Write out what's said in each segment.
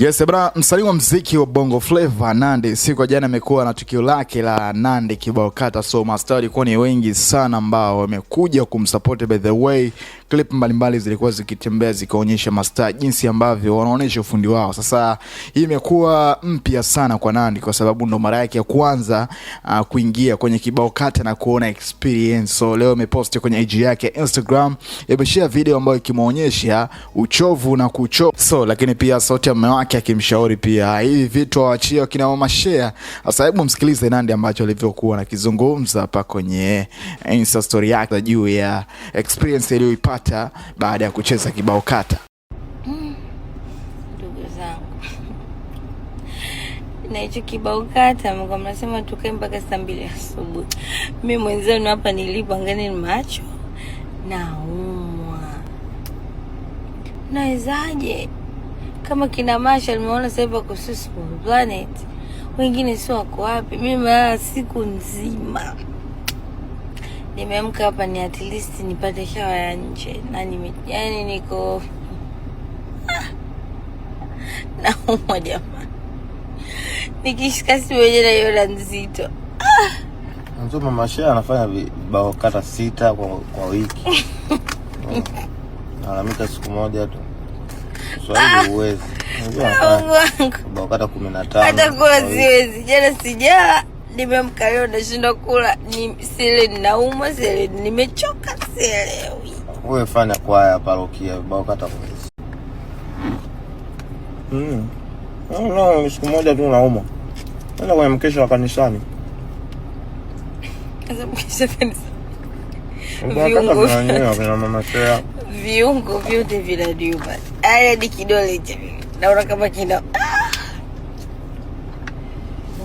Yes, bra msanii wa mziki wa Bongo Flava Nandy siku ya jana amekuwa na tukio lake la Nandy kibao kata, so mastaa walikuwa ni wengi sana ambao wamekuja kumsupport. By the way, clip mbalimbali zilikuwa zikitembea zikaonyesha mastaa jinsi ambavyo wanaonyesha ufundi wao. Sasa hii imekuwa mpya sana kwa Nandy kwa sababu ndo mara yake ya kwanza uh, kuingia kwenye kibao kata na kuona experience. So leo amepost kwenye IG yake Instagram, ameshare video ambayo ikimuonyesha uchovu na kucho. So lakini pia sauti ya wake akimshauri pia hivi vitu awachie wakina mama share. Sasa hebu msikilize Nandy ambacho alivyokuwa nakizungumza hapa kwenye Insta story yake juu ya experience aliyoipata baada ya kucheza kibao kata. Hmm. Ndugu mm, zangu na hicho kibao kata mko mnasema tukae mpaka saa mbili asubuhi. Mimi mwenzenu hapa nilipo angani ni macho naumwa, nawezaje? kama kina Masha limeona sasa hivi wako Planet, wengine sio wako wapi. Mimi nimelala siku nzima, nimeamka hapa ni at least nipate hewa ya nje na nime, yani niko naumwa jamaa, nikishika simu yenyewe yola nzito. Mama Sha anafanya vibao kata sita kwa, kwa wiki. nalalamika siku moja tu. Kiswahili ah. uwezi. Unajua kumi na tano. Hata kula siwezi. Jana sijala, nimeamka leo nashindwa kula. Ni sile ninauma, sile nimechoka, sielewi. Wewe fanya kwaya parokia, bao kata uwezi. Mm. Hmm, no, no, siku moja tu nauma. Nenda kwenye mkesha wa kanisani. Sasa mkesha kanisani viungo viungo vyote vinaniuma, hadi kidole cha naona kama kina ah!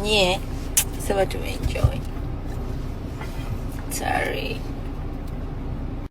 nye. Sema tumeenjoy. Sorry.